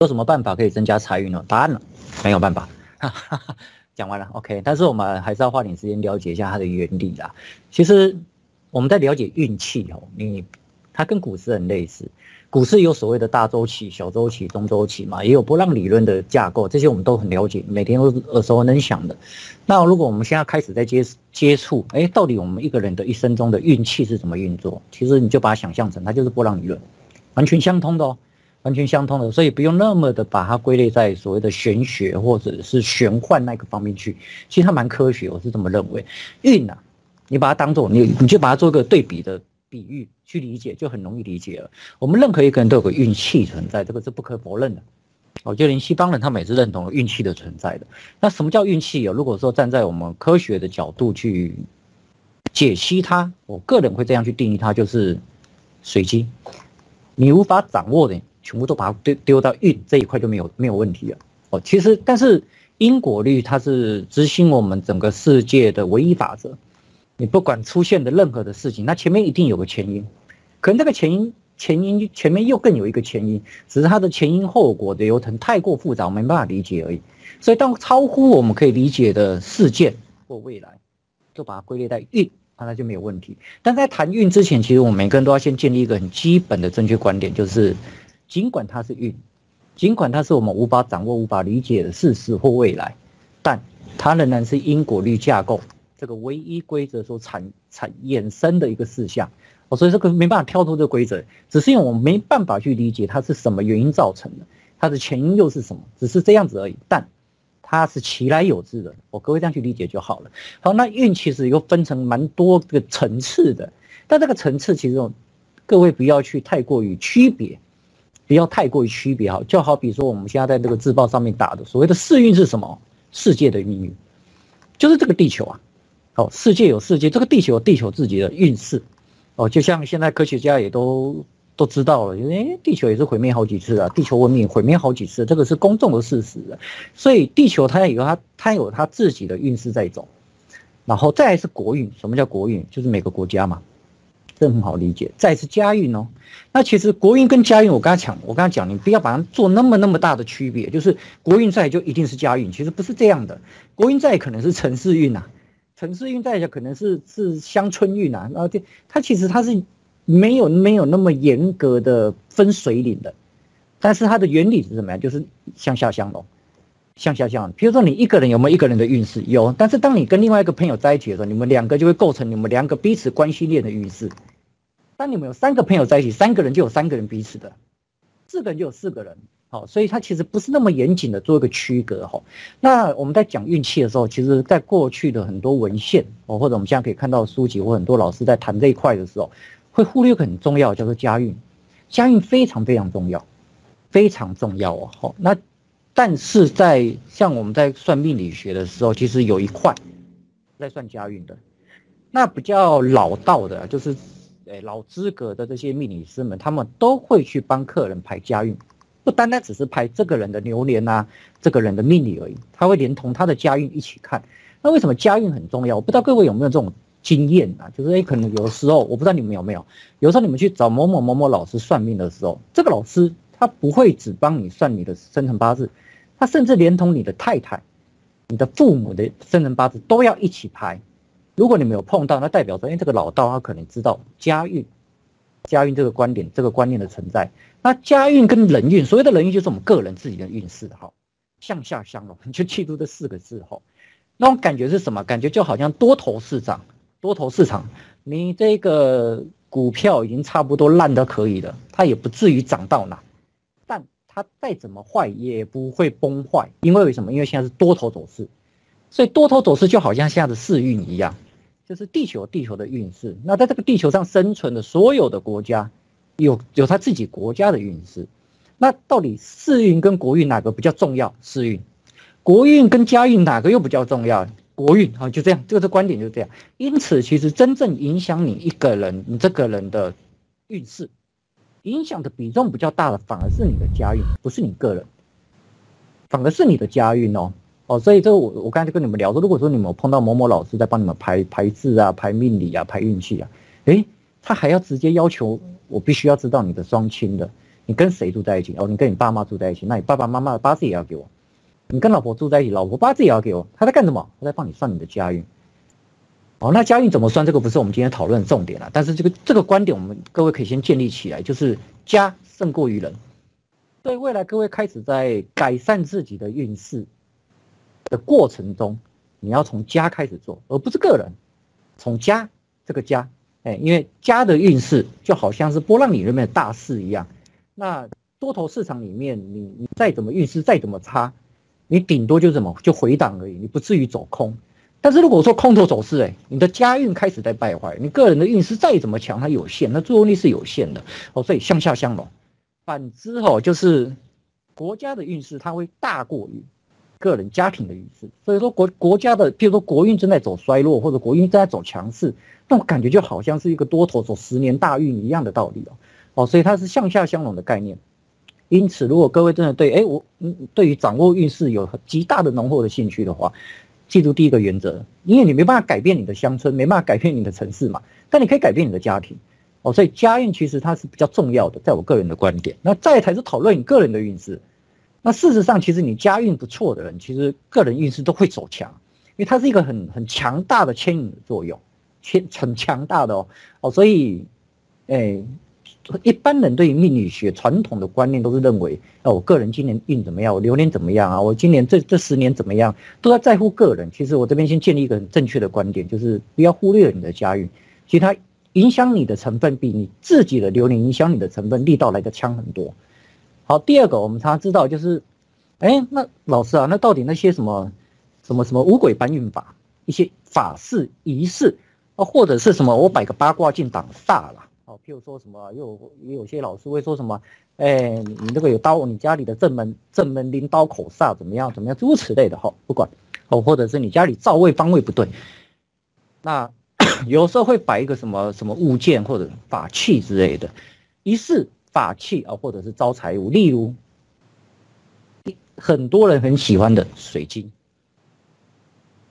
有什麼辦法可以增加財運呢？答案呢？沒有辦法。講 完了，OK。但是我們還是要花點時間了解一下它的原理啦。其實我們在了解運氣哦，你它跟股市很類似，股市有所謂的大週期、小週期、中週期嘛，也有波浪理論的架構，這些我們都很了解，每天都是耳熟能詳的。那如果我們現在開始在接接觸，哎、欸，到底我們一個人的一生中的運氣是怎麼運作？其實你就把它想象成它就是波浪理論，完全相通的哦。完全相通的，所以不用那麼的把它歸類在所謂的玄學或者是玄幻那個方面去，其實它蠻科學，我是這麼認為。運吶、啊，你把它當做你，你就把它做一個對比的比喻去理解，就很容易理解了。我們任何一個人都有個運氣存在，這個是不可否認的。我覺得連西方人他們也是認同運氣的存在的。那什麼叫運氣？有如果說站在我們科學的角度去解析它，我個人會這樣去定義它，就是隨機，你無法掌握的。全部都把它丟丟到運這一塊就沒有沒有問題了。哦，其實但是因果律它是執行我們整個世界的唯一法則。你不管出現的任何的事情，那前面一定有個前因，可能這個前因前因前面又更有一個前因，只是它的前因後果的流程太過複雜，我沒辦法理解而已。所以當超乎我們可以理解的事件或未來，就把它歸類在運，啊，那就沒有問題。但在談運之前，其實我們每個人都要先建立一個很基本的正確觀點，就是。儘管它是運，儘管它是我們無法掌握、無法理解的事實或未來，但它仍然是因果律架構這個唯一規則所產產衍生的一個事項。我所以這個沒辦法跳脫這個規則，只是因為我們沒辦法去理解它是什麼原因造成的，它的前因又是什麼，只是這樣子而已。但它是其來有自的，我各位這樣去理解就好了。好，那運其實又分成蠻多個層次的，但這個層次其實各位不要去太過於區別。不要太過於區別好，就好比說我們現在在這個自報上面打的所謂的世運是什麼？世界的命運，就是這個地球啊。哦，世界有世界，這個地球有地球自己的運勢。哦，就像現在科學家也都都知道了，因、欸、為地球也是毀滅好幾次了、啊，地球文明毀滅好幾次，這個是公眾的事實、啊。所以地球它有它它有它自己的運勢在走，然後再來是國運。什麼叫國運？就是每個國家嘛。這很好理解，再是家運哦。那其實國運跟家運，我剛才講，我剛才講，你不要把它做那麼那麼大的區別，就是國運在就一定是家運，其實不是這樣的。國運在可能是城市運吶、啊，城市運在也可能是是鄉村運吶。啊，對，它其實它是沒有沒有那麼嚴格的分水嶺的，但是它的原理是什麼呀？就是向下相容。像像像，比如說你一個人有沒有一個人的運勢？有，但是當你跟另外一個朋友在一起的時候，你們兩個就會構成你們兩個彼此關係鏈的運勢。當你們有三個朋友在一起，三個人就有三個人彼此的，四個人就有四個人。好，所以它其實不是那麼嚴謹的做一個區隔。好，那我們在講運氣的時候，其實在過去的很多文獻哦，或者我們現在可以看到書籍或很多老師在談這一塊的時候，會忽略一個很重要，叫做家運。家運非常非常重要，非常重要哦。好，那。但是在像我們在算命理學的時候，其實有一塊在算家運的，那比較老道的，就是誒老資格的這些命理師們，他們都會去幫客人排家運，不單單只是排這個人的流年吶啊，這個人的命理而已，他會連同他的家運一起看。那為什麼家運很重要？我不知道各位有沒有這種經驗啊，就是誒，可能有時候我不知道你們有沒有，有時候你們去找某某某某老師算命的時候，這個老師，他不會只幫你算你的生辰八字，他甚至連同你的太太、你的父母的生辰八字都要一起排。如果你沒有碰到，那代表說，哎、欸，這個老道他可能知道家運、家運這個觀點、這個觀念的存在。那家運跟人運，所謂的人運就是我們個人自己的運勢。哈，向下相融，就記住這四個字。哈，那種感覺是什麼？感覺就好像多頭市場，多頭市場，你這個股票已經差不多爛得可以了，它也不至於漲到哪。它再怎麼壞也不會崩壞，因為為什麼？因為現在是多頭走勢，所以多頭走勢就好像現在的世運一樣，就是地球地球的運勢。那在這個地球上生存的所有的國家，有有他自己國家的運勢。那到底世運跟國運哪個比較重要？世運，國運跟家運哪個又比較重要？國運啊，就這樣，這個的觀點就這樣。因此，其實真正影響你一個人，你這個人的運勢影響的比重比較大的，反而是你的家運，不是你個人，反而是你的家運哦哦，所以這個我我剛才就跟你們聊說，如果說你們有碰到某某老師在幫你們排排字啊、排命理啊、排運氣啊，哎、欸，他還要直接要求我必須要知道你的雙親的，你跟誰住在一起？哦，你跟你爸媽住在一起，那你爸爸媽媽的八字也要給我，你跟老婆住在一起，老婆八字也要給我，他在幹什麼？他在幫你算你的家運。哦，那家運怎麼算？這個不是我們今天討論的重點了。但是這個這個觀點，我們各位可以先建立起來，就是家勝過於人。所以未來各位開始在改善自己的運勢的過程中，你要從家開始做，而不是個人。從家這個家，哎、欸，因為家的運勢就好像是波浪理論裡面大勢一樣。那多頭市場裡面你，你你再怎麼運勢再怎麼差，你頂多就怎麼就回檔而已，你不至於走空。但是如果說空頭走勢、欸，你的家運開始在敗壞，你個人的運勢再怎麼強，它有限，它作用力是有限的哦。所以向下相容，反之、哦、就是國家的運勢它會大過於個人家庭的運勢。所以說國國家的，譬如說國運正在走衰落，或者國運正在走強勢，那我感覺就好像是一個多頭走十年大運一樣的道理哦。哦，所以它是向下相容的概念。因此，如果各位真的對，哎，我嗯，對於掌握運勢有極大的濃厚的興趣的話。記住第一個原則，因為你沒辦法改變你的鄉村，沒辦法改變你的城市嘛，但你可以改變你的家庭哦。所以家運其實它是比較重要的，在我個人的觀點。那再來才是討論你個人的運勢。那事實上，其實你家運不錯的人，其實個人運勢都會走強，因為它是一個很很強大的牽引的作用，牽很強大的哦哦。所以，哎。一般人對於命理學傳統的觀念都是認為，那、啊、我個人今年運怎麼樣，我流年怎麼樣啊？我今年這這十年怎麼樣，都要在乎個人。其實我這邊先建立一個很正確的觀點，就是不要忽略你的家運，其實它影響你的成分比你自己的流年影響你的成分力道來的強很多。好，第二個我們常常知道就是，哎，那老師啊，那到底那些什麼什麼什麼五鬼搬運法，一些法事儀式啊，或者是什麼我擺個八卦鏡擋煞了。譬如說什麼，又也，也有些老師會說什麼，哎、欸，你這那個有刀，你家裡的正門正門臨刀口煞怎麼樣，怎麼樣怎麼樣，諸如此類的哈、哦，不管哦，或者是你家裡灶位方位不對，那有時候會擺一個什麼什麼物件或者法器之類的，一是法器啊，或者是招財物，例如很多人很喜歡的水晶，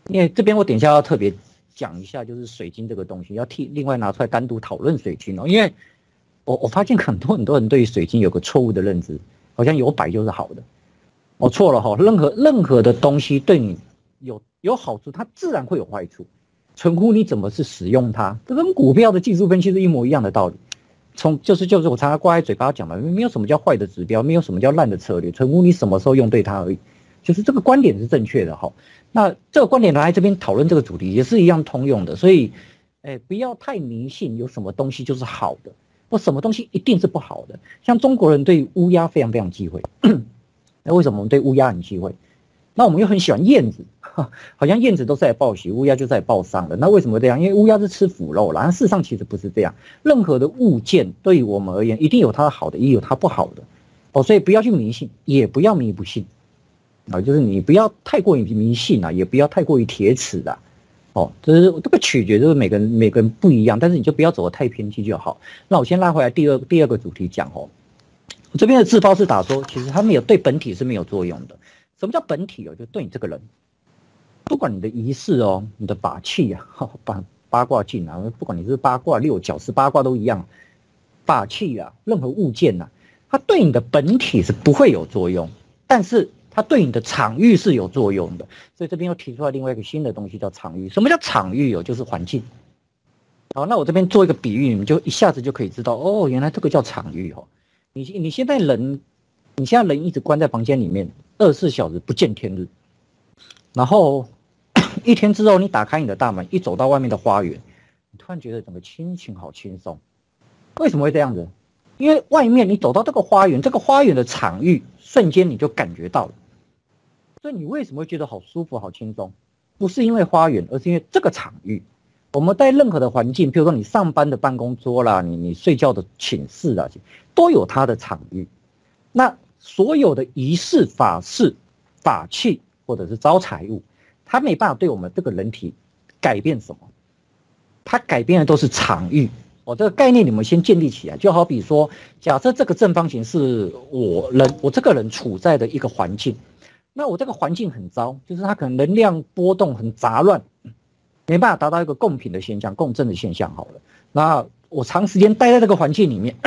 因為這邊我等一下要特別。講一下，就是水晶這個東西，要替另外拿出來單獨討論水晶哦，因為我我發現很多很多人對於水晶有個錯誤的認知，好像有擺就是好的，我、哦、錯了哈、哦，任何任何的東西對你有有好處，它自然會有壞處，存乎你怎麼去使用它，這跟股票的技術分析是一模一樣的道理，從就是就是我常常掛在嘴巴講的，沒有什麼叫壞的指標，沒有什麼叫爛的策略，存乎你什麼時候用對它而已。就是這個觀點是正確的哈，那這個觀點來，來這邊討論這個主題也是一樣通用的，所以，哎，不要太迷信，有什麼東西就是好的，或什麼東西一定是不好的。像中國人對烏鴉非常非常忌諱，那為什麼我們對烏鴉很忌諱？那我們又很喜歡燕子，哈，好像燕子都在報喜，烏鴉就在報喪的。那為什麼這樣？因為烏鴉是吃腐肉了。事實上其實不是這樣，任何的物件對於我們而言，一定有它的好的，也有它不好的。哦，所以不要去迷信，也不要迷不信。啊，就是你不要太過於迷信吶、啊，也不要太過於鐵齒啊，哦，就是這個取決就是每個人每個人不一樣，但是你就不要走得太偏激就好。那我先拉回來第二第二個主題講哦，我這邊的自爆是打說，其實它沒有對本體是沒有作用的。什麼叫本體哦？就對你這個人，不管你的儀式哦，你的法器啊，八、哦、八卦鏡啊，不管你是八卦六角是八卦都一樣，法器啊，任何物件吶、啊，它對你的本體是不會有作用，但是。它對你的場域是有作用的，所以這邊又提出來另外一個新的東西，叫場域。什麼叫場域？哦，就是環境。好，那我這邊做一個比喻，你們就一下子就可以知道。哦，原來這個叫場域哦。你你現在人，你現在人一直關在房間裡面，二十四小時不見天日，然後一天之後，你打開你的大門，一走到外面的花園，你突然覺得整個心情好輕鬆。為什麼會這樣子？因為外面你走到這個花園，這個花園的場域瞬間你就感覺到了。所以你為什麼會覺得好舒服、好輕鬆？不是因為花園，而是因為這個場域。我們在任何的環境，比如說你上班的辦公桌啦，你你睡覺的寢室啊，都有它的場域。那所有的儀式、法事、法器或者是招財物，它沒辦法對我們這個人體改變什麼，它改變的都是場域。哦，這個概念你們先建立起來。就好比說，假設這個正方形是我人我這個人處在的一個環境。那我這個環境很糟，就是它可能能量波動很雜亂，沒辦法達到一個共頻的現象、共振的現象。好了，那我長時間待在這個環境裡面，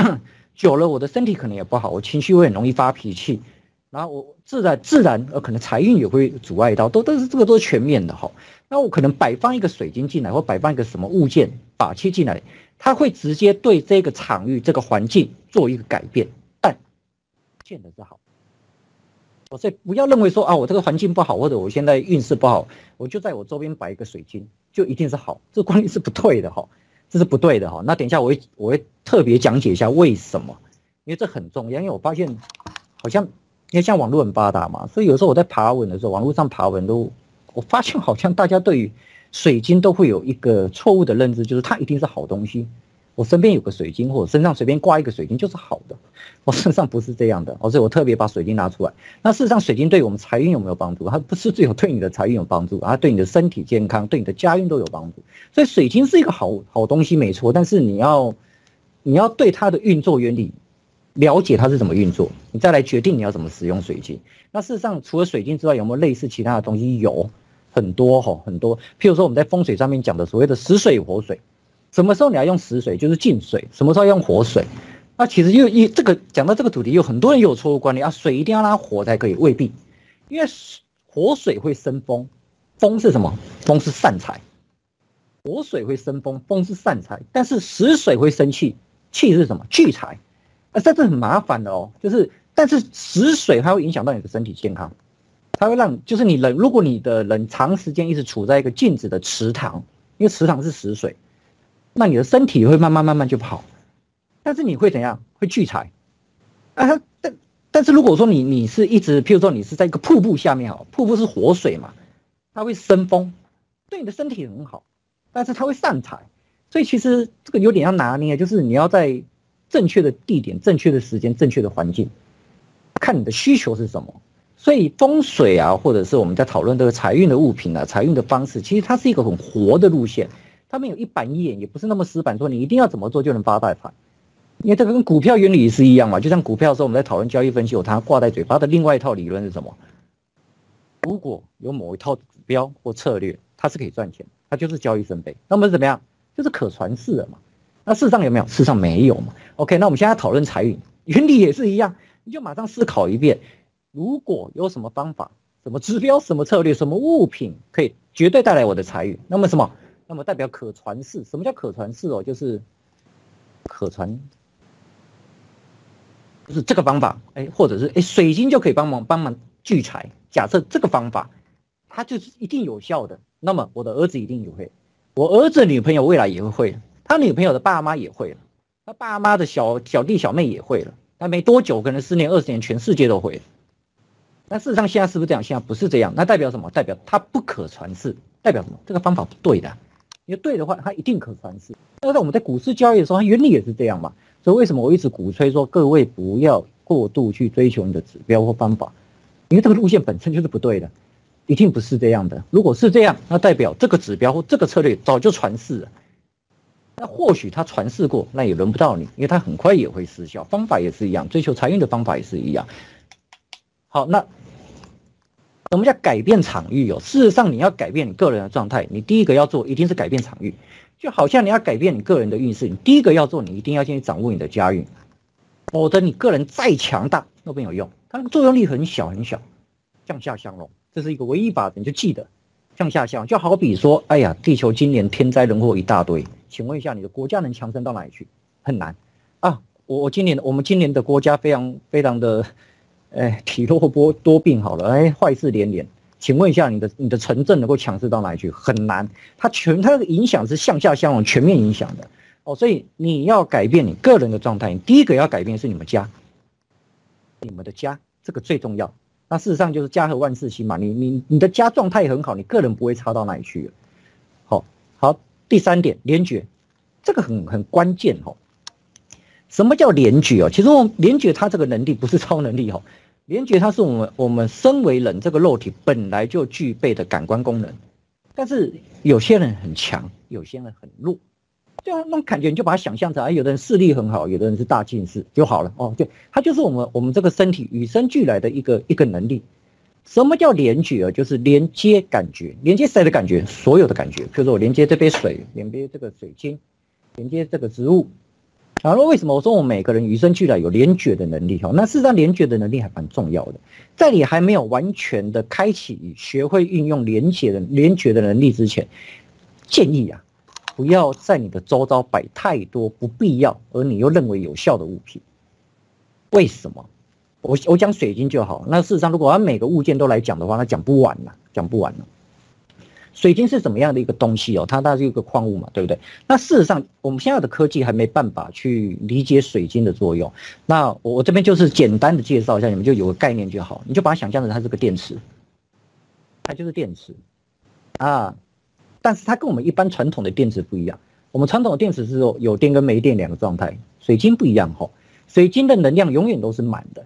久了我的身體可能也不好，我情緒會很容易發脾氣，然後我自然自然呃可能財運也會阻礙到。都都是這個都是全面的哈、哦。那我可能擺放一個水晶進來，或擺放一個什麼物件法器進來，它會直接對這個場域、這個環境做一個改變，但不見得是好。我說不要認為說啊，我這個環境不好，或者我現在運勢不好，我就在我周邊擺一個水晶，就一定是好。這個觀念是不對的哈，這是不對的哈。那等一下我會我會特別講解一下為什麼，因為這很重要。因為我發現好像因為現在網絡很發達嘛，所以有時候我在爬文的時候，網絡上爬文都，我發現好像大家對於水晶都會有一個錯誤的認知，就是它一定是好東西。我身邊有個水晶，或者身上隨便掛一個水晶就是好的。我身上不是這樣的，所以我特別把水晶拿出來。那事實上，水晶對我們財運有沒有幫助？它不是只有對你的財運有幫助，它對你的身體健康、對你的家運都有幫助。所以，水晶是一個好好東西，沒錯。但是你要，你要對它的運作原理了解它是怎麼運作，你再來決定你要怎麼使用水晶。那事實上，除了水晶之外，有沒有類似其他的東西？有很多哈，很多。譬如說，我們在風水上面講的所謂的死水活水。什麼時候你要用死水，就是靜水；什麼時候要用活水，那、啊、其實又一這個講到這個主題，有很多人有錯誤觀念啊。水一定要讓它活才可以，未必，因為活水會生風，風是什麼？風是散財。活水會生風，風是散財，但是死水會生氣，氣是什麼？聚財，啊，但這是很麻煩的哦。就是，但是死水它會影響到你的身體健康，它會讓就是你人，如果你的人長時間一直處在一個靜止的池塘，因為池塘是死水。那你的身體會慢慢慢慢就不好，但是你會怎樣？會聚財啊？但但是如果說你你是一直，譬如說你是在一個瀑布下面哈，瀑布是活水嘛，它會生風，對你的身體很好，但是它會散財，所以其實這個有點要拿捏，就是你要在正確的地點、正確的時間、正確的環境，看你的需求是什麼。所以風水啊，或者是我們在討論這個財運的物品啊，財運的方式，其實它是一個很活的路線。他們有一板一眼，也不是那麼死板，說你一定要怎麼做就能發大財。因為這個跟股票原理是一樣嘛，就像股票的時候我們在討論交易分析，有它掛在嘴巴的另外一套理論是什麼？如果有某一套指標或策略，它是可以賺錢，它就是交易分配。那麼是怎麼樣？就是可傳世的嘛。那世上有沒有？世上沒有嘛。OK，那我們現在討論財運原理也是一樣，你就馬上思考一遍，如果有什麼方法、什麼指標、什麼策略、什麼物品可以絕對帶來我的財運，那麼什麼？那麼代表可傳世？什麼叫可傳世哦？就是可傳，就是這個方法哎，或者是哎，水晶就可以幫忙幫忙聚財。假設這個方法，它就是一定有效的。那麼我的兒子一定也會，我兒子的女朋友未來也會會，他女朋友的爸媽也會，他爸媽的小小弟小妹也會了。那沒多久，可能十年二十年，全世界都會。但事實上現在是不是這樣？現在不是這樣。那代表什麼？代表他不可傳世。代表什麼？這個方法不對的，啊。因為對的話，它一定可傳世。但是我們在股市交易的時候，它原理也是這樣嘛。所以為什麼我一直鼓吹說各位不要過度去追求你的指標或方法？因為這個路線本身就是不對的，一定不是這樣的。如果是這樣，那代表這個指標或這個策略早就傳世了。那或許他傳世過，那也輪不到你，因為他很快也會失效。方法也是一樣，追求財運的方法也是一樣。好，那。什麼叫改變場域哦？哦，事實上，你要改變你個人的狀態，你第一個要做，一定是改變場域。就好像你要改變你個人的運勢，你第一個要做，你一定要先掌握你的家運，否則你個人再強大都沒有用。它那個作用力很小很小。向下相容，這是一個唯一法則，你就記得向下相容。就好比說，哎呀，地球今年天災人禍一大堆，請問一下，你的國家能強盛到哪裡去？很難啊！我今年，我們今年的國家非常非常的。哎，體弱多多病好了，哎，壞事連連。請問一下你，你的你的城鎮能夠強勢到哪裡去？很難，它全它的影響是向下向往，全面影響的哦。所以你要改變你個人的狀態，你第一個要改變是你們家，你們的家這個最重要。那事實上就是家和萬事興嘛。你你你的家狀態很好，你個人不會差到哪裡去了。好、哦、好，第三點，聯覺，這個很很關鍵哦。什麼叫連覺哦？其實我們連覺它這個能力不是超能力哈、哦，聯覺它是我們我們身為人這個肉體本來就具備的感官功能，但是有些人很強，有些人很弱，就啊，那種感覺你就把它想象成啊、哎，有的人視力很好，有的人是大近視就好了哦，對，它就是我們我們這個身體與生俱來的一個一個能力。什麼叫連覺啊？就是連接感覺，連接誰的感覺？所有的感覺，比如說我連接這杯水，連接這個水晶，連接這個植物。然、啊、後為什麼我說我們每個人與生俱來有聯覺的能力？哈，那事實上聯覺的能力還蠻重要的。在你還沒有完全的開啟與學會運用聯覺的聯覺的能力之前，建議啊，不要在你的周遭擺太多不必要而你又認為有效的物品。為什麼？我我講水晶就好。那事實上，如果按每個物件都來講的話，那講不完了，講不完了。水晶是怎麼樣的一個東西哦？它它是一個礦物嘛，對不對？那事實上，我們現在的科技還沒辦法去理解水晶的作用。那我我這邊就是簡單的介紹一下，你們就有個概念就好。你就把它想象成它是個電池，它就是電池啊。但是它跟我們一般傳統的電池不一樣。我們傳統的電池是有有電跟沒電兩個狀態，水晶不一樣哈，哦。水晶的能量永遠都是滿的，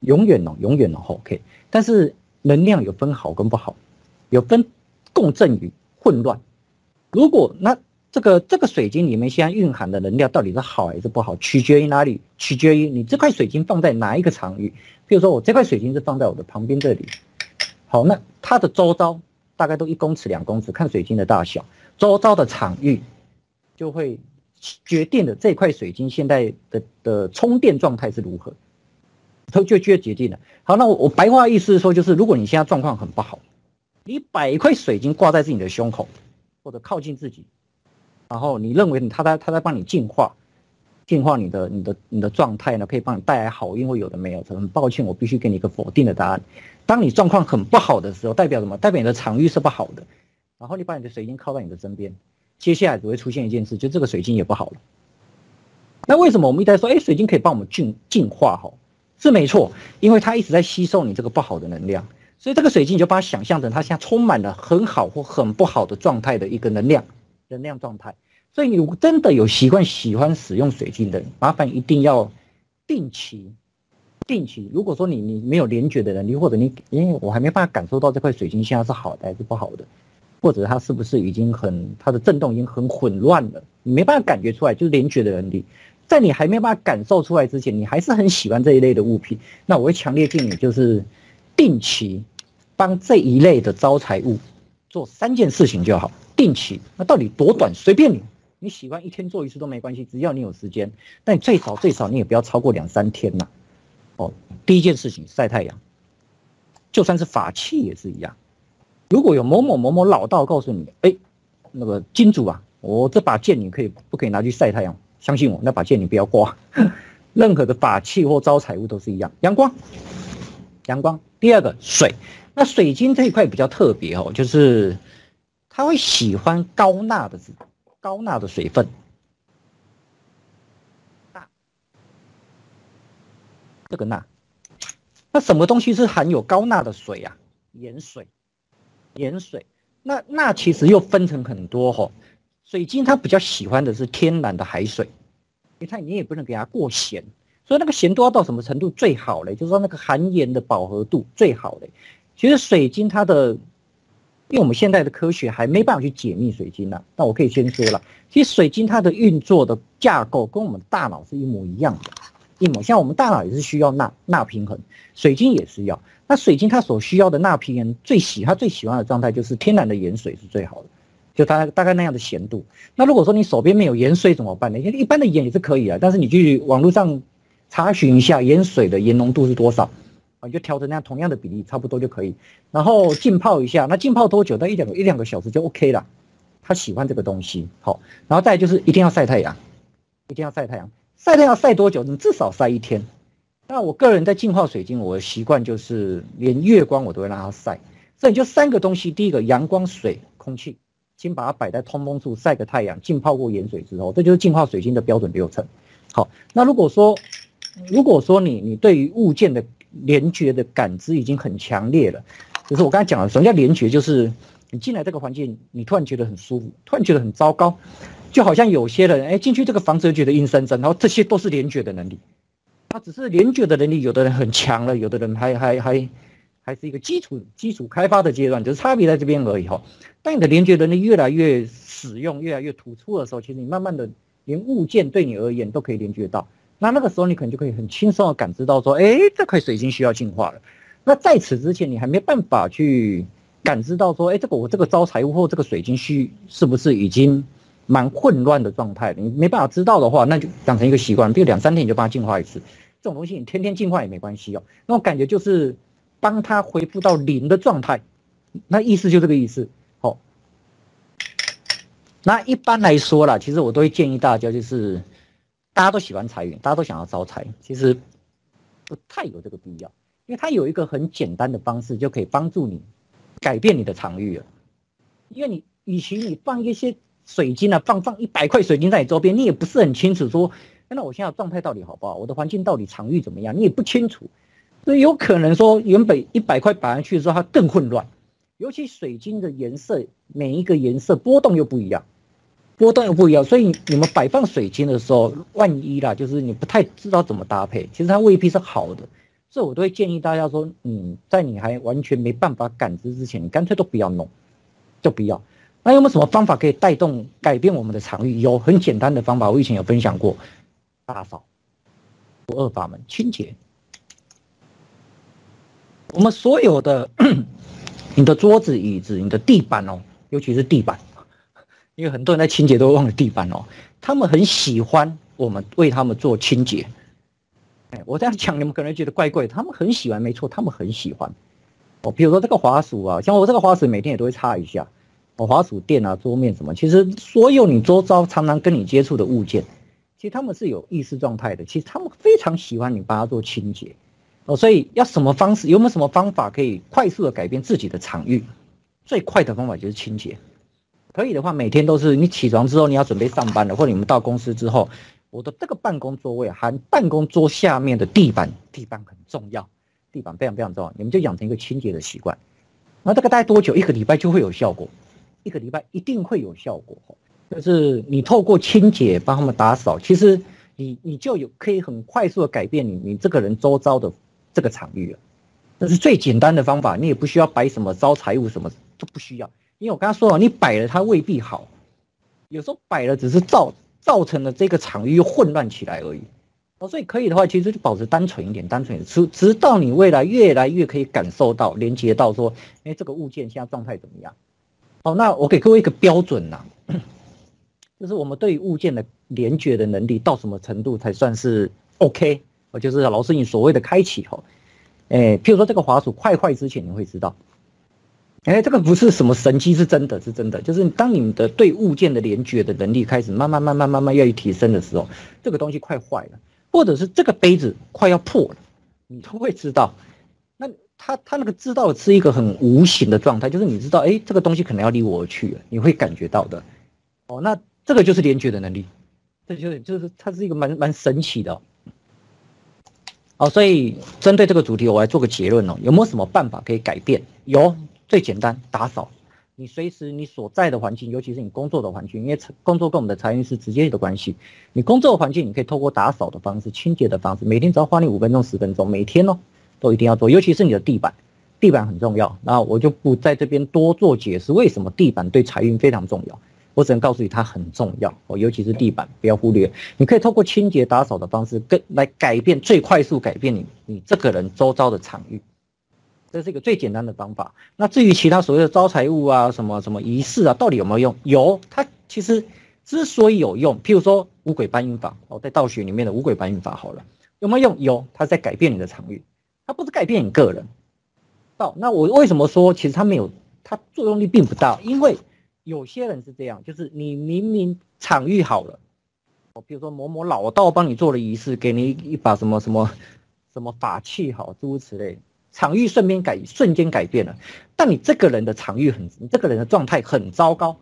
永遠哦，永遠哦，OK。但是能量有分好跟不好，有分。共振於混亂。如果那這個這個水晶裡面現在蘊含的能量到底是好還是不好，取決於哪裡？取決於你這塊水晶放在哪一個場域。比如說，我這塊水晶是放在我的旁邊這裡。好，那它的周遭大概都一公尺、兩公尺，看水晶的大小，周遭的場域就會決定了這塊水晶現在的的充電狀態是如何。它就就決定了。好，那我我白話意思說就是，如果你現在狀況很不好。你把一塊水晶掛在自己的胸口，或者靠近自己，然後你認為它在它在幫你淨化，淨化你的你的你的狀態呢？可以幫你帶來好運？會有的沒有？很抱歉，我必須給你一個否定的答案。當你狀況很不好的時候，代表什麼？代表你的場域是不好的。然後你把你的水晶靠在你的身邊，接下來就會出現一件事，就這個水晶也不好了。那為什麼我們一直在說，哎，水晶可以幫我們淨淨化？哦，是沒錯，因為它一直在吸收你這個不好的能量。所以這個水晶你就把它想象成它現在充滿了很好或很不好的狀態的一個能量，能量狀態。所以你真的有習慣喜歡使用水晶的人，麻煩一定要定期、定期。如果說你你沒有連覺的能力，或者你因為我還沒辦法感受到這塊水晶現在是好的還是不好的，或者它是不是已經很它的震動已經很混亂了，你沒辦法感覺出來。就是連覺的能力。在你還沒辦法感受出來之前，你還是很喜歡這一類的物品，那我會強烈建議就是定期。幫這一類的招財物做三件事情就好，定期。那到底多短？隨便你，你喜歡一天做一次都沒關係，只要你有時間。但你最少最少你也不要超過兩三天吶、啊。哦，第一件事情曬太陽，就算是法器也是一樣。如果有某某某某老道告訴你，哎、欸，那個金主啊，我這把劍你可以不可以拿去曬太陽？相信我，那把劍你不要刮。 任何的法器或招財物都是一樣，陽光，陽光。第二個水。那水晶這一塊比較特別哦，就是他會喜歡高鈉的，高鈉的水分。鈉，這個鈉，那什麼東西是含有高鈉的水啊？鹽水，鹽水。那鈉其實又分成很多哈。水晶它比較喜歡的是天然的海水，你看你也不能給它過鹹，所以那個鹹度要到什麼程度最好嘞？就是說那個含鹽的飽和度最好嘞。其實水晶它的，因為我們現在的科學還沒辦法去解密水晶呢、啊。那我可以先說了，其實水晶它的運作的架構跟我們大腦是一模一樣的，一模像我們大腦也是需要鈉鈉平衡，水晶也是要。那水晶它所需要的鈉平衡最喜它最喜歡的狀態就是天然的鹽水是最好的，就大大概那樣的鹹度。那如果說你手邊沒有鹽水怎麼辦呢？一般的鹽也是可以啊，但是你去網絡上查詢一下鹽水的鹽濃度是多少。啊，你就調成那樣，同樣的比例，差不多就可以。然後浸泡一下，那浸泡多久？到一兩個一兩個小時就 OK 了。他喜歡這個東西，好。然後再就是一定要曬太陽，一定要曬太陽。曬太陽曬多久？你至少曬一天。那我個人在淨化水晶，我的習慣就是連月光我都會讓它曬。所以就三個東西：第一個陽光、水、空氣。先把它擺在通風處曬個太陽，浸泡過鹽水之後，這就是淨化水晶的標準流程。好，那如果說如果說你你對於物件的聯覺的感知已經很強烈了，就是我剛才講了，什麼叫聯覺？就是你進來這個環境，你突然覺得很舒服，突然覺得很糟糕，就好像有些人哎進去這個房子就覺得陰森森，然後這些都是聯覺的能力。他只是聯覺的能力，有的人很強了，有的人還還還還是一個基礎基礎開發的階段，就是差別在這邊而已哈。當你的聯覺能力越來越使用，越來越突出的時候，其實你慢慢的連物件對你而言都可以聯覺到。那那個時候你可能就可以很輕鬆的感知到說，哎、欸，這塊、個、水晶需要淨化了。那在此之前你還沒辦法去感知到說，哎、欸，這個我這個招財物後，這個水晶需是不是已經蠻混亂的狀態？你沒辦法知道的話，那就養成一個習慣，比如兩三天你就幫它淨化一次。這種東西你天天淨化也沒關係哦。那我感覺就是幫它恢復到零的狀態，那意思就這個意思。好、哦，那一般來說啦，其實我都會建議大家就是。大家都喜歡財運，大家都想要招財，其實不太有這個必要，因為它有一個很簡單的方式就可以幫助你改變你的場域了。因為你，與其你放一些水晶啊，放放一百塊水晶在你周邊，你也不是很清楚說，那我現在狀態到底好不好，我的環境到底場域怎麼樣，你也不清楚。所以有可能說，原本一百塊擺上去的時候，它更混亂，尤其水晶的顏色，每一個顏色波動又不一樣。波動又不一樣，所以你們擺放水晶的時候，萬一啦，就是你不太知道怎麼搭配，其實它未必是好的，所以我都會建議大家說，嗯，在你還完全沒辦法感知之前，你乾脆都不要弄，就不要。那有沒有什麼方法可以帶動改變我們的場域？有很簡單的方法，我以前有分享過，大掃，不二法門，清潔。我們所有的，你的桌子、椅子、你的地板哦，尤其是地板。因為很多人在清潔都會忘了地板哦，他們很喜歡我們為他們做清潔。哎，我這樣講你們可能覺得怪怪，他們很喜歡，沒錯，他們很喜歡。哦，比如說這個滑鼠啊，像我這個滑鼠每天也都會擦一下。哦，滑鼠墊啊、桌面什麼，其實所有你周遭常常跟你接觸的物件，其實他們是有意識狀態的。其實他們非常喜歡你幫它做清潔。哦，所以要什麼方式？有沒有什麼方法可以快速的改變自己的場域？最快的方法就是清潔。可以的話，每天都是你起床之後，你要準備上班了，或者你們到公司之後，我的這個辦公座位含辦公桌下面的地板，地板很重要，地板非常非常重要，你們就養成一個清潔的習慣。那這個待多久？一個禮拜就會有效果，一個禮拜一定會有效果。就是你透過清潔幫他們打掃，其實你你就有可以很快速的改變你你這個人周遭的這個場域了。那是最簡單的方法，你也不需要擺什麼招財物什麼都不需要。因為我剛才說了，你擺了它未必好，有時候擺了只是造造成了這個場域混亂起來而已。哦，所以可以的話，其實就保持單純一點，單純一點，直直到你未來越來越可以感受到、連接到說，哎、欸，這個物件現在狀態怎麼樣？哦，那我給各位一個標準吶、啊，就是我們對於物件的連接的能力到什麼程度才算是 OK？我就是老師你所謂的開啟吼，哎、欸，譬如說這個滑鼠快壞之前，你會知道。哎，這個不是什麼神蹟，是真的，是真的。就是當你的對物件的聯覺的能力開始慢慢、慢慢、慢慢要提升的時候，這個東西快壞了，或者是這個杯子快要破了，你都會知道。那他他那個知道是一個很無形的狀態，就是你知道，哎，這個東西可能要離我而去了，你會感覺到的。哦，那這個就是聯覺的能力，這就是就是它是一個蠻蠻神奇的哦。哦，所以針對這個主題，我來做個結論哦，有沒有什麼辦法可以改變？有。最簡單，打掃，你隨時你所在的環境，尤其是你工作的環境，因為工作跟我們的財運是直接的關係。你工作的環境，你可以透過打掃的方式、清潔的方式，每天只要花你五分鐘、十分鐘，每天哦。都一定要做。尤其是你的地板，地板很重要。那我就不在這邊多做解釋，為什麼地板對財運非常重要，我只能告訴你它很重要哦，尤其是地板，不要忽略。你可以透過清潔打掃的方式，跟，來改變，最快速改變你你這個人周遭的場域。這是一個最簡單的方法。那至於其他所謂的招財物啊，什麼什麼儀式啊，到底有沒有用？有，它其實之所以有用，譬如說五鬼搬運法哦，在道學裡面的五鬼搬運法，好了，有沒有用？有，它是在改變你的場域，它不是改變你個人。到、哦、那我為什麼說其實它沒有，它作用力並不大，因為有些人是這樣，就是你明明場域好了，哦，譬如說某某老道幫你做了儀式，給你一把什麼什麼什麼法器好，好諸如此類。場域瞬間改，瞬間改變了。但你這個人的場域很，你這個人的狀態很糟糕，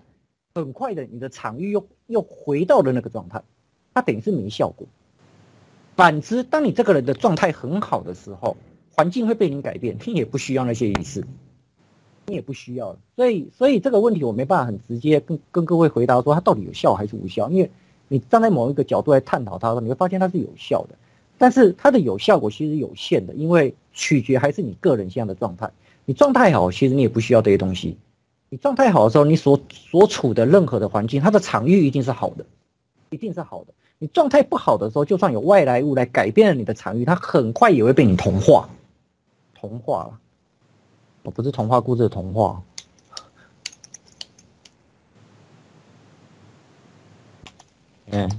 很快的，你的場域又又回到了那個狀態，它等於是沒效果。反之，當你這個人的狀態很好的時候，環境會被你改變，你也不需要那些儀式，你也不需要。所以，所以這個問題我沒辦法很直接跟跟各位回答說它到底有效還是無效，因為你站在某一個角度來探討它的時候，你會發現它是有效的。但是它的有效果其實有限的，因為取決還是你個人現在的狀態。你狀態好，其實你也不需要這些東西。你狀態好的時候，你所所處的任何的環境，它的場域一定是好的，一定是好的。你狀態不好的時候，就算有外來物來改變了你的場域，它很快也會被你同化，同化了啊。我不是童話故事的童話啊。嗯。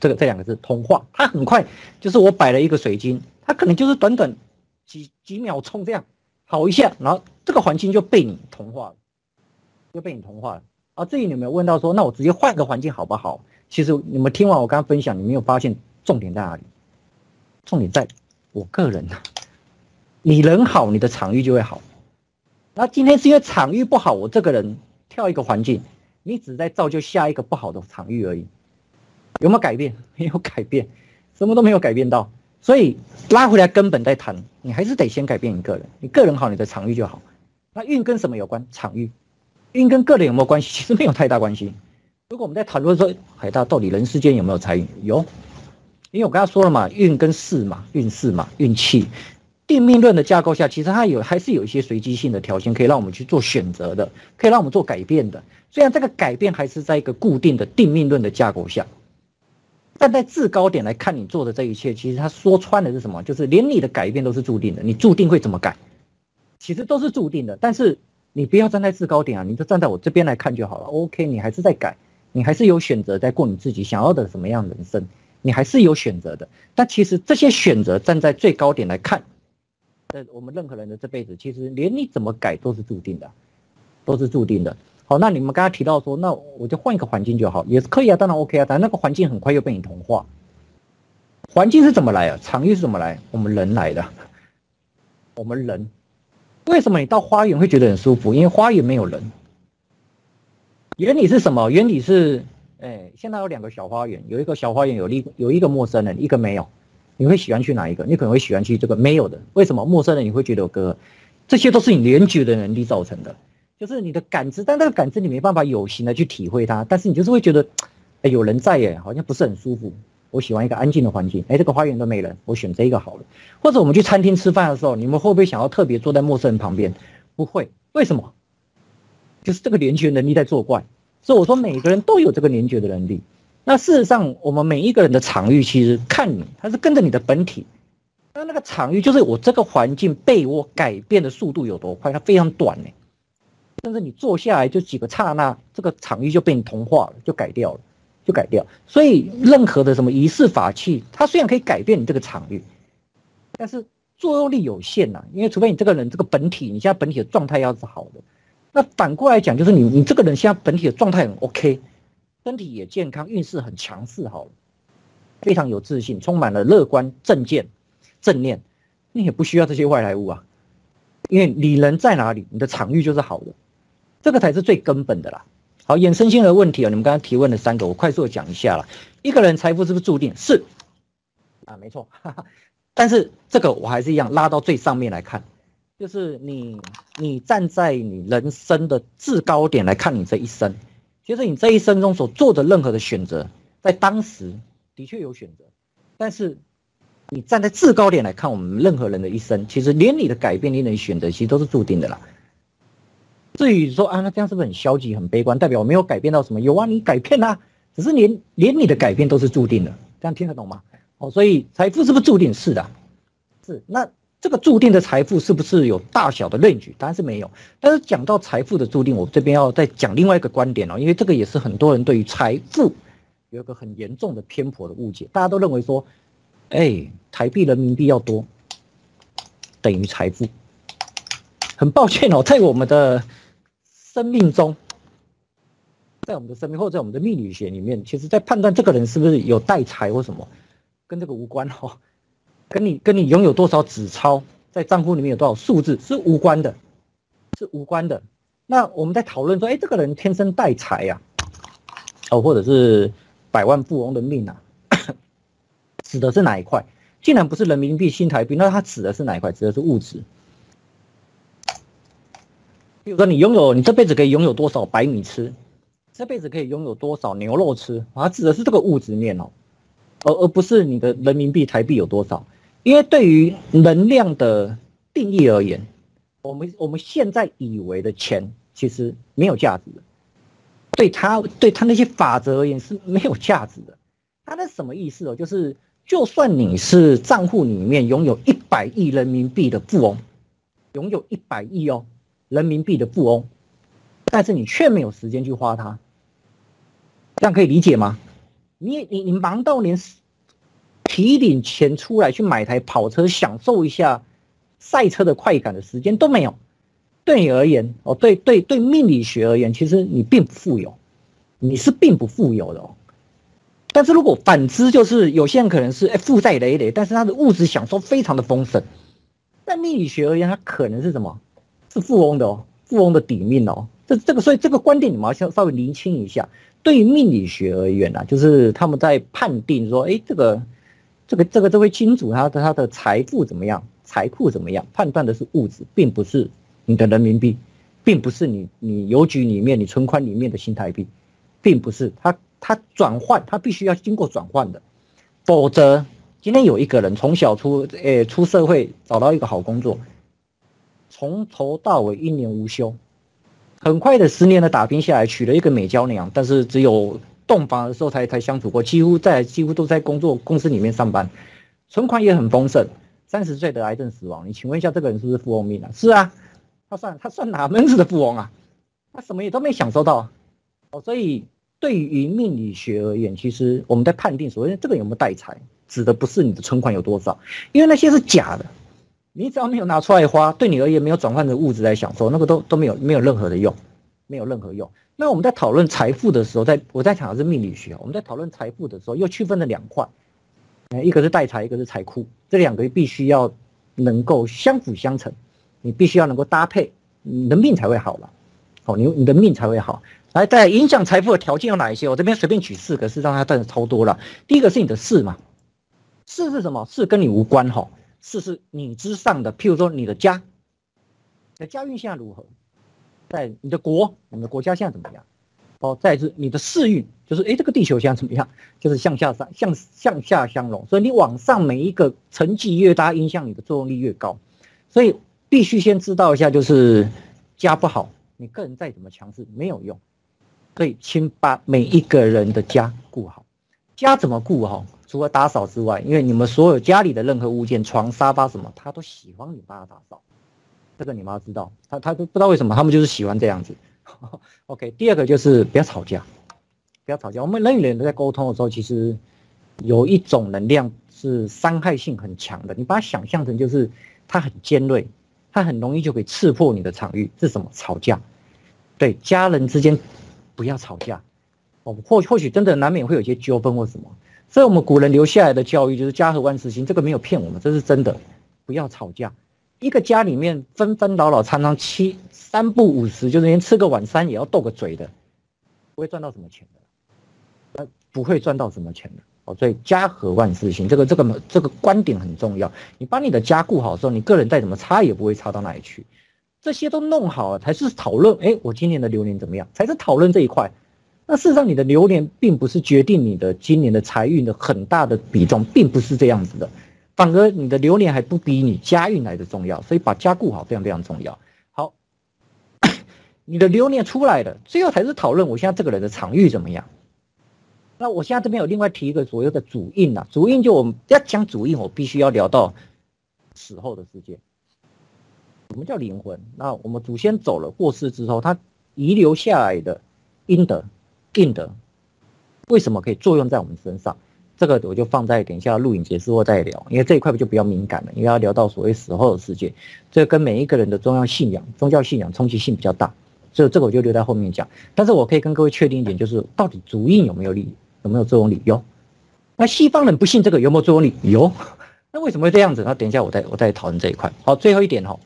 這個這兩個字同化，它、啊、很快，就是我擺了一個水晶，它可能就是短短幾幾秒鐘這樣，好一下，然後這個環境就被你同化了，就被你同化了。啊，至於你們有問到說，那我直接換個環境好不好？其實你們聽完我剛剛分享，你沒有發現重點在哪裡？重點在我個人吶、啊，你人好，你的場域就會好。那今天是因為場域不好，我這個人跳一個環境，你只在造就下一個不好的場域而已。有沒有改變？沒有改變，什麼都沒有改變到，所以拉回來根本在談，你還是得先改變你個人。你個人好，你的場域就好。那運跟什麼有關？場域，運跟個人有沒有關係？其實沒有太大關係。如果我們在討論說海大到底人世間有沒有財運？有，因為我剛才說了嘛，運跟勢嘛，運勢嘛，運氣，定命論的架構下，其實它有還是有一些隨機性的條件，可以讓我們去做選擇的，可以讓我們做改變的。雖然這個改變還是在一個固定的定命論的架構下。站在制高點來看你做的這一切，其實他說穿的是什麼？就是連你的改變都是注定的，你注定會怎麼改，其實都是注定的。但是你不要站在制高點啊，你就站在我這邊來看就好了。OK，你還是在改，你還是有選擇在過你自己想要的什麼樣的人生，你還是有選擇的。但其實這些選擇站在最高點來看，在我們任何人的這輩子，其實連你怎麼改都是注定的，都是注定的。好，那你們剛才提到說，那我就換一個環境就好，也是可以啊，當然 OK 啊，但那個環境很快又被你同化。環境是怎麼來啊？場域是怎麼來？我們人來的。我們人，為什麼你到花園會覺得很舒服？因為花園沒有人。原理是什麼？原理是，哎、欸，現在有兩個小花園，有一個小花園有一有一個陌生人，一個沒有，你會喜歡去哪一個？你可能會喜歡去這個沒有的。為什麼陌生人你會覺得有隔閡？這些都是你連結的能力造成的。就是你的感知，但那個感知，你沒辦法有形的去體會它，但是你就是會覺得，哎，有人在，哎，好像不是很舒服。我喜歡一個安靜的環境，誒，這個花園都沒人，我選擇一個好了。或者我們去餐廳吃飯的時候，你們會不會想要特別坐在陌生人旁邊？不會，為什麼？就是這個連接能力在作怪。所以我說，每個人都有這個連接的能力。那事實上，我們每一個人的場域其實看你，它是跟着你的本體。那那個場域就是我這個環境被我改變的速度有多快，它非常短呢。甚至你坐下來就幾個剎那，這個場域就被你同化了，就改掉了，就改掉。所以任何的什麼儀式法器，它雖然可以改變你這個場域，但是作用力有限吶、啊。因為除非你這個人這個本體，你現在本體的狀態要是好的，那反過來講就是你你這個人現在本體的狀態很 OK，身體也健康，運勢很強勢好了，非常有自信，充滿了樂觀正見、正念，你也不需要這些外來物啊，因為你人在哪裡，你的場域就是好的。這個才是最根本的啦。好，衍生性的問題哦，你們剛剛提問了三個，我快速講一下啦。一個人財富是不是注定？是啊，沒錯哈哈。但是這個我還是一樣拉到最上面來看，就是你你站在你人生的制高點來看你這一生，其實你這一生中所做的任何的選擇，在當時的確有選擇，但是你站在制高點來看我們任何人的一生，其實連你的改變，連你的選擇，其實都是注定的啦。至於說啊，那這樣是不是很消極、很悲觀？代表我沒有改變到什麼？有啊，你改變啦、啊，只是連連你的改變都是注定的，這樣聽得懂嗎？哦，所以財富是不是注定？是的，是。那這個注定的財富是不是有大小的論據？答案是沒有。但是講到財富的注定，我這邊要再講另外一個觀點哦，因為這個也是很多人對於財富有一個很嚴重的偏頗的誤解。大家都認為說，哎、欸，台幣、人民幣要多等於財富。很抱歉哦，在我們的生命中，在我們的生命或者在我們的命理學裡面，其實，在判斷這個人是不是有帶財或什麼，跟這個無關哈、哦，跟你跟你擁有多少紙鈔，在賬戶裡面有多少數字是無關的，是無關的。那我們在討論說，哎、欸，這個人天生帶財呀，哦，或者是百萬富翁的命啊， 指的是哪一塊？既然不是人民幣、新台幣，那他指的是哪一塊？指的是物質。就說，你擁有你這輩子可以擁有多少白米吃，這輩子可以擁有多少牛肉吃，啊，指的是這個物質面哦，而而不是你的人民幣、台幣有多少。因為對於能量的定義而言，我們我們現在以為的錢其實沒有價值的，對他對他那些法則而言是沒有價值的。他的什麼意思哦？就是就算你是賬戶裡面擁有一百億人民幣的富翁，擁有一百億哦。人民幣的富翁，但是你卻沒有時間去花它，這樣可以理解嗎？你你你忙到連提一點錢出來去買台跑車，享受一下賽車的快感的時間都沒有。對你而言，哦，對對對，對命理學而言，其實你並不富有，你是並不富有的。哦。但是如果反之，就是有些人可能是哎負債累累，但是他的物質享受非常的豐盛。在命理學而言，他可能是什麼？是富翁的哦，富翁的底命哦，這這個所以這個觀點你們要稍微釐清一下。對於命理學而言啊，就是他們在判定說，哎，這個，這個，這個這位親屬他的他的財富怎麼樣，財庫怎麼樣？判斷的是物質，並不是你的人民幣，並不是你你郵局裡面你存款裡面的新台幣，並不是他。它它轉換，它必須要經過轉換的，否則今天有一個人從小出哎、呃、出社會找到一個好工作。從頭到尾一年無休，很快的十年的打拼下來，娶了一個美嬌娘，但是只有洞房的時候才才相處過，幾乎在幾乎都在工作公司裡面上班，存款也很豐盛，三十歲得癌症死亡，你請問一下這個人是不是富翁命啊？是啊，他算他算哪門子的富翁啊？他什麼也都沒享受到，哦，所以對於命理學而言，其實我們在判定所謂這個有沒有帶財，指的不是你的存款有多少，因為那些是假的。你只要沒有拿出來花，對你而言沒有轉換成物質來享受，那個都都沒有沒有任何的用，沒有任何用。那我們在討論財富的時候，在我在講的是命理學。我們在討論財富的時候，又區分了兩塊，一個是代財，一個是財庫，這兩個必須要能夠相輔相成，你必須要能夠搭配，你的命才會好了。好，你你的命才會好。來，在影響財富的條件有哪一些？我這邊隨便舉四個，可是讓它真的超多了。第一個是你的事嘛，事是什麼？事跟你無關哈。試是，是你之上的，譬如說你的家，你的家運現在如何？在你的國，你的國家現在怎麼樣？哦，在是你的世運，就是誒、欸、這個地球現在怎麼樣？就是向下上，向向下相融。所以你往上每一個成績越大，影響你的作用力越高。所以必須先知道一下，就是家不好，你個人再怎麼強勢沒有用。所以請把每一個人的家顧好，家怎麼顧好？除了打掃之外，因為你們所有家裡的任何物件，床、沙發什麼，他都喜歡你幫他打掃。這個你媽知道，他他都不知道為什麼，他們就是喜歡這樣子。OK，第二個就是不要吵架，不要吵架。我們人與人在溝通的時候，其實有一種能量是傷害性很強的。你把它想象成就是它很尖銳，它很容易就可以刺破你的場域。是什麼？吵架。對，家人之間不要吵架。哦，或或許真的難免會有些糾紛或什麼。這我們古人留下來的教育就是家和萬事興，這個沒有騙我們，這是真的。不要吵架，一個家裡面紛紛擾擾常常七三不五時，就是連吃個晚餐也要鬥個嘴的，不會賺到什麼錢的。呃，不會賺到什麼錢的。哦，所以家和萬事興，這個這個、這個、這個觀點很重要。你把你的家顧好之後，你個人再怎麼差也不會差到哪裡去。這些都弄好了，才是討論。哎，我今年的流年怎麼樣？才是討論這一塊。那事實上，你的流年並不是決定你的今年的財運的很大的比重，並不是這樣子的，反而你的流年還不比你家運來的重要，所以把家顧好非常非常重要。好， 你的流年出來了，最後才是討論我現在這個人的場域怎麼樣。那我現在這邊有另外提一個所謂的主印吶、啊，主印就我們要講主印，我必須要聊到死後的世界。什麼叫靈魂？那我們祖先走了過世之後，他遺留下來的陰德。定的為什麼可以作用在我們身上？這個我就放在等一下錄影結束後再聊，因為這一塊不就比較敏感了，因為要聊到所謂死後的世界，這跟每一個人的宗教信仰、宗教信仰衝擊性比較大，所以這個我就留在後面講。但是我可以跟各位確定一點，就是到底足印有沒有利益，有沒有作用力？有。那西方人不信這個，有沒有作用力？有。那為什麼會這樣子呢？那等一下我再我再討論這一塊。好，最後一點哦，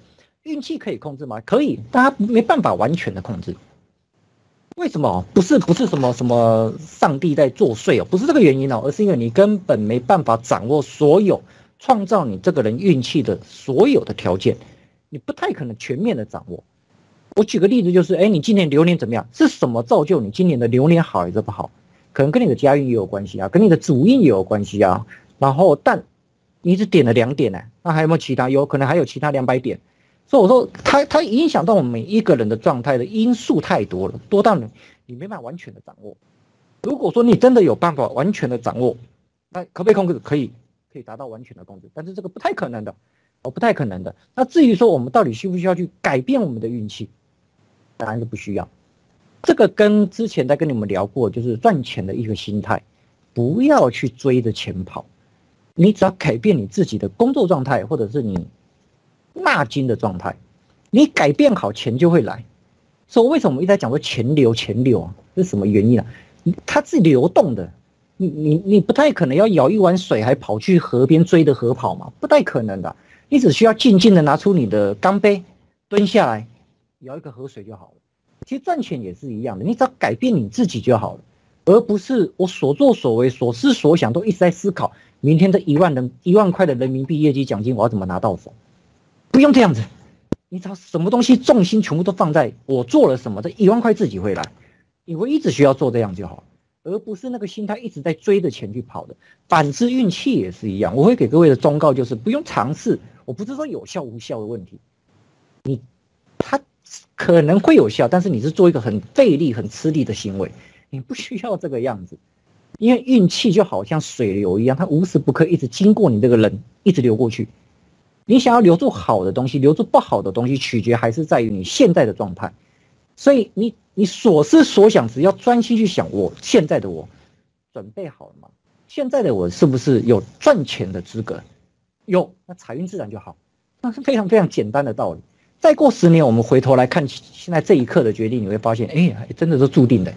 運氣可以控制嗎？可以，大家沒辦法完全的控制。為什麼？不是不是什麼什麼上帝在作祟哦？不是這個原因哦，而是因為你根本沒辦法掌握所有創造你這個人運氣的所有的條件，你不太可能全面的掌握。我舉個例子，就是哎、欸，你今年流年怎麼樣？是什麼造就你今年的流年好還是不好？可能跟你的家運也有關係啊，跟你的主運也有關係啊。然後，但你只點了兩點呢、啊？那還有沒有其他？有可能還有其他兩百點。所以我說，它它影響到我們每一個人的狀態的因素太多了，多到你你沒辦法完全的掌握。如果說你真的有辦法完全的掌握，那可不可以控制，可以可以達到完全的控制，但是這個不太可能的，哦不太可能的。那至於說我們到底需不需要去改變我們的運氣？當然是不需要。這個跟之前在跟你們聊過，就是賺錢的一個心態，不要去追着錢跑，你只要改變你自己的工作狀態，或者是你。納金的狀態，你改變好，錢就會來。所以我為什麼我們一直在講說錢流錢流啊？這是什麼原因啊？它是流動的。你你你不太可能要舀一碗水，還跑去河邊追着河跑嘛？不太可能的啊。你只需要靜靜的拿出你的鋼杯，蹲下來舀一個河水就好了。其實賺錢也是一樣的，你只要改變你自己就好了，而不是我所作所為、所思所想都一直在思考，明天這一萬人一萬塊的人民幣業績獎金我要怎麼拿到手？不用這樣子，你找什麼東西重心全部都放在我做了什麼這一萬塊，自己回來，你會一直需要做這樣就好，而不是那個心態一直在追着錢去跑的。反之運氣也是一樣，我會給各位的忠告就是不用嘗試，我不是說有效無效的問題，你他可能會有效，但是你是做一個很費力、很吃力的行為，你不需要這個樣子，因為運氣就好像水流一樣，它無時不刻一直經過你這個人，一直流過去。你想要留住好的東西，留住不好的東西，取決還是在於你現在的狀態。所以你你所思所想，只要專心去想我，我現在的我準備好了嗎？現在的我是不是有賺錢的資格？有，那財運自然就好。那是非常非常簡單的道理。再過十年，我們回頭來看現在這一刻的決定，你會發現，哎、欸欸，真的是注定的。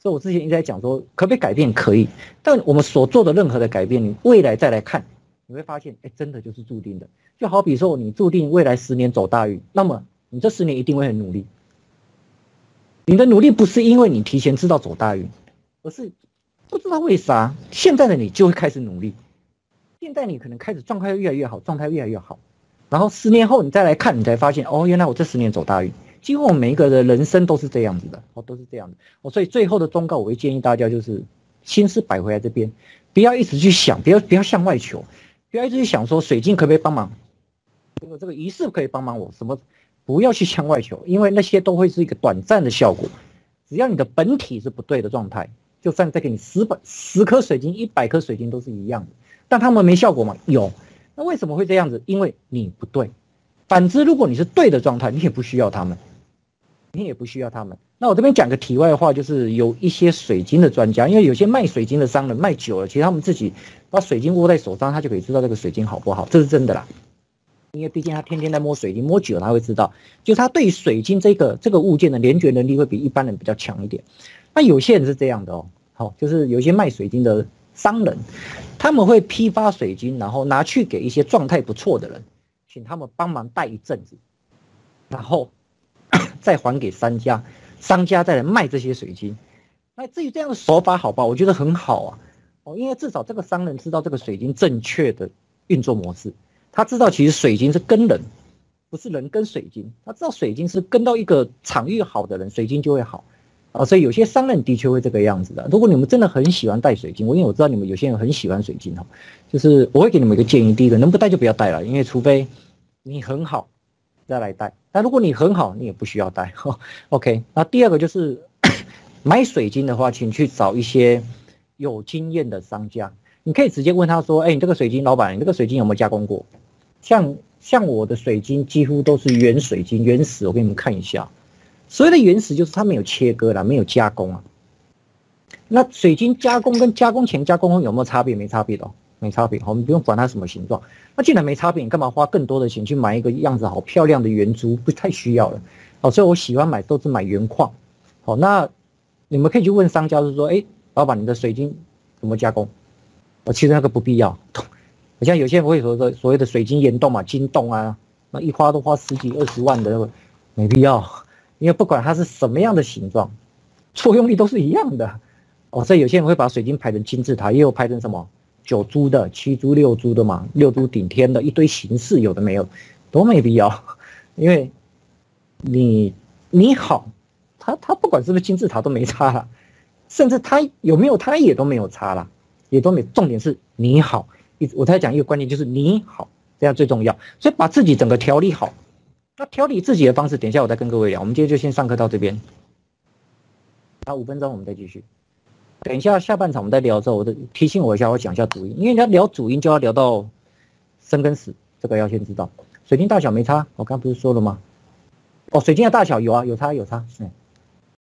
所以我之前一直在講說，可不可以改變？可以，但我們所做的任何的改變，你未來再來看。你會發現，哎、欸，真的就是注定的。就好比說，你注定未來十年走大運，那麼你這十年一定會很努力。你的努力不是因為你提前知道走大運，而是不知道為啥現在的你就會開始努力。現在你可能開始狀態越來越好，狀態越來越好，然後十年後你再來看，你才發現哦，原來我這十年走大運。幾乎我每一個的人生都是這樣子的，哦，都是這樣的。所以最後的忠告，我會建議大家就是，心思擺回來這邊，不要一直去想，不要不要向外求。原來就是想說，水晶可不可以幫忙？這個這個儀式可以幫忙我，什麼不要去向外求，因為那些都會是一個短暫的效果。只要你的本體是不對的狀態，就算再給你十本、十顆水晶、一百顆水晶都是一樣的。但他們沒效果嗎？有。那為什麼會這樣子？因為你不對。反之，如果你是對的狀態，你也不需要他們。你也不需要他們。那我這邊講個題外話，就是有一些水晶的專家，因為有些賣水晶的商人賣久了，其實他們自己把水晶握在手上，他就可以知道這個水晶好不好，這是真的啦。因為畢竟他天天在摸水晶，摸久了他會知道，就是，他對水晶這個這個物件的聯覺能力會比一般人比較強一點。那有些人是這樣的哦，好，哦，就是有一些賣水晶的商人，他們會批發水晶，然後拿去給一些狀態不錯的人，請他們幫忙帶一陣子，然後。再還給商家，商家再來賣這些水晶。那至於這樣的手法，好吧，我覺得很好啊。哦，因為至少這個商人知道這個水晶正確的運作模式，他知道其實水晶是跟人，不是人跟水晶。他知道水晶是跟到一個場域好的人，水晶就會好啊。所以有些商人的確會這個樣子的。如果你們真的很喜歡戴水晶，我因為我知道你們有些人很喜歡水晶哈，就是我會給你們一個建議：第一個，能不戴就不要戴了，因為除非你很好。再來戴，但如果你很好，你也不需要戴哈。Oh, OK，那第二個就是 買水晶的話，請去找一些有經驗的商家。你可以直接問他說：“哎、欸，你這個水晶，老闆，你這個水晶有沒有加工過？像像我的水晶幾乎都是原水晶、原石。我給你們看一下，所謂的原石就是它沒有切割的，沒有加工啊。那水晶加工跟加工前、加工後有沒有差別？沒差別哦。”沒差別，我們不用管它什麼形狀。那既然沒差別，你幹嘛花更多的錢去買一個樣子好漂亮的圓珠？不太需要了，好、哦，所以我喜歡買都是買原礦。好、哦，那你們可以去問商家，就是說，哎，老板，你的水晶怎麼加工？哦，其實那個不必要。好像有些人會說說所謂的水晶岩洞嘛、晶洞啊，那一花都花十幾二十萬的，沒必要。因為不管它是什麼樣的形狀，作用力都是一樣的。哦，所以有些人會把水晶排成金字塔，也有排成什麼？九珠的、七珠六珠的嘛，六珠頂天的，一堆形式有的沒有，都沒必要，因為你你好，他他不管是不是金字塔都沒差了，甚至他有沒有他也都沒有差了，也都沒重點是你好，我再講一個觀念就是你好，這樣最重要，所以把自己整個調理好，那調理自己的方式，等一下我再跟各位聊。我們今天就先上課到這邊，有、啊、五分鐘我們再繼續。等一下，下半場我們再聊的時候，我就提醒我一下，我講一下主音，因為你要聊主音就要聊到生跟死，這個要先知道。水晶大小沒差，我剛不是說了嗎？哦，水晶的大小有啊，有差有差，嗯。